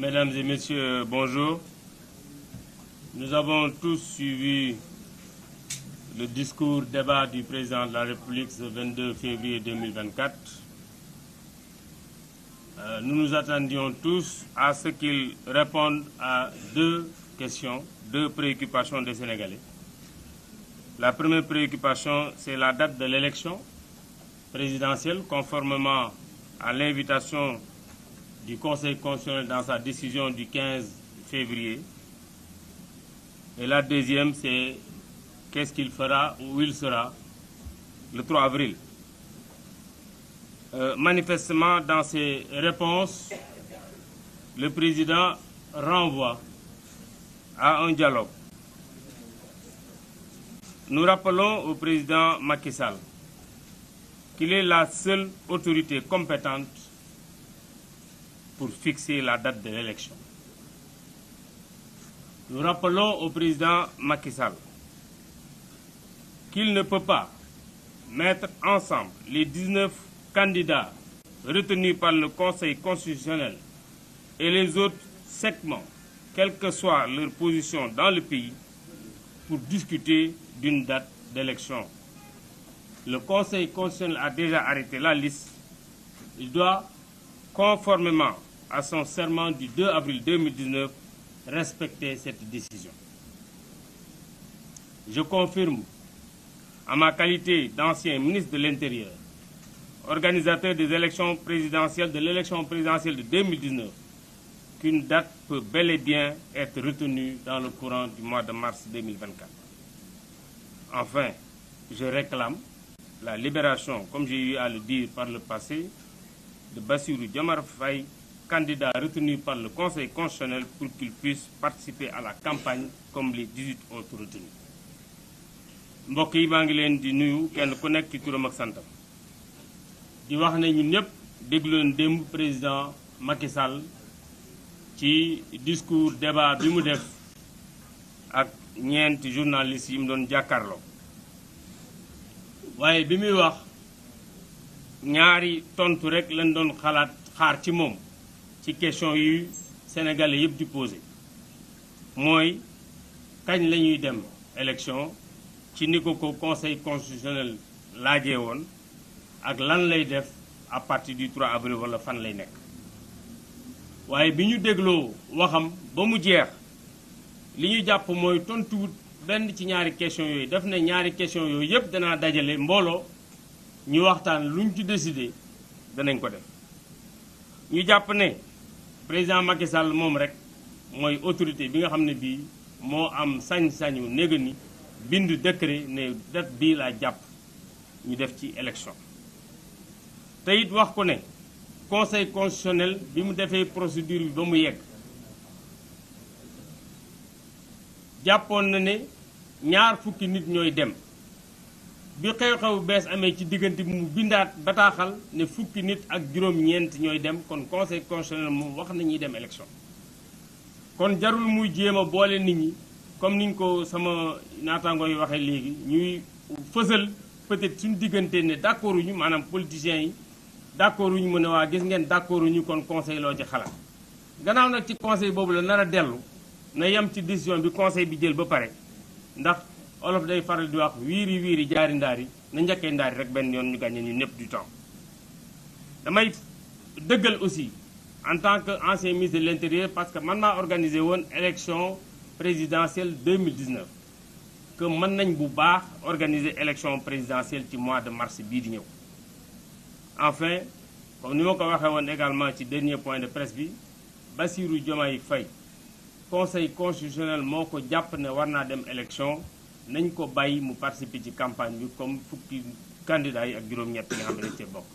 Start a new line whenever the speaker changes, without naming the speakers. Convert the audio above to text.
Mesdames et Messieurs, bonjour. Nous avons tous suivi le discours débat président de la République ce 22 février 2024. Euh, nous nous attendions tous à ce qu'il réponde à deux questions, deux des Sénégalais. La première préoccupation, c'est la date de l'élection présidentielle, conformément à l'invitation du Conseil constitutionnel dans sa décision du 15 février. Et la deuxième, c'est qu'est-ce qu'il fera ou où il sera le 3 avril. Euh, manifestement, dans ses réponses, le président renvoie à un dialogue. Nous rappelons au président Macky Sall est la seule autorité compétente pour fixer la date de l'élection. Nous rappelons au président Macky Sall qu'il ne peut pas mettre ensemble les 19 candidats retenus par le Conseil constitutionnel et les autres segments, quelle que soit leur position dans le pays, pour discuter d'une date d'élection. Le Conseil constitutionnel a déjà arrêté la liste. Il doit, conformément à son serment du 2 avril 2019, respecter cette décision. Je confirme, à ma qualité d'ancien ministre de l'Intérieur, organisateur des élections présidentielles de l'élection présidentielle de 2019, qu'une date peut bel et bien être dans le courant du mois de mars 2024. Enfin, je réclame la libération, comme j'ai eu par le passé, de Bassirou candidats retenus par le Conseil constitutionnel pour qu'ils puissent participer à la campagne comme les 18 autres retenus mbokk yi maa ngi leen di nuyu kenn ku nekk ci turam ak santam di wax nañu ñun ñëpp dégluwoon démb président Macky Sall ci discours débat bi mu def ak ñeenti journalistes yi mu doon jàkkaarloo waaye bi muy wax ñaari tontu rek lañ doon xalaat xaar ci moom ci question yuy sénégalais yëpp di mooy kañ la ñuy dem élection ci ni ko ko conseil constitutionnel laajee woon ak lan lay def à partir du trois avril wala fan lay nekk waaye bi ñu dégloo waxam ba mu jeex li ñu jàpp mooy tontuwut benn ci ñaari question yooyu daf ne ñaari question yooyu yëpp danaa dajale mbooloo ñu waxtaan luñ ci décidé danañ ko def ñu jàpp ne président Macky Sall moom rek mooy autorité bi nga xam ne bii moo am sañ-sañu néega ni bind décret ne date bii laa jàpp ñu def ci élection te it wax ko ne conseil constitutionnel bi mu defee procédure bi ba mu yegg jàppoon na ne ñaar fukki nit ñooy dem bi xew-xew bees amee ci diggante bi mu bindaat bataaxal ne fukki nit ak juróom-ñeent ñooy dem kon conseil constitutionnel mu wax nañuy dem élection kon jarul muy jéem a boole nit ñi comme niñ ko sama naataango yi waxee léegi ñuy fësal peut-être suñu diggante ne d'accord uñu maanaam politiciens yi d'accord uñu mu ne waa gis ngeen d'accord uñu kon conseil loo ci xalaat gannaaw nag ci conseil boobu la nar a dellu na yem ci décision bi conseil bi jël ba pare ndax olof day faral di wax wiiri wiiri jaari ndaari na njëkkee ndaari rek benn yoon ñu gàññe ñu ñëpp du temps damay dëggal aussi en tant que ancien ministre de l'intérieur parce que man maa organisé woon élection présidentielle 2019 que mën nañ bu baax organiser élection présidentielle ci mois de mars bii di ñëw enfin comme ni ma ko waxee woon également ci dernier point de presse bi Bassirou Diomaye Faye conseil constitutionnel moo ko jàpp ne war naa dem élection nañ ko bàyyi mu participer ci campagne bi comme fukki candidats ak juróom-ñett yi bokk.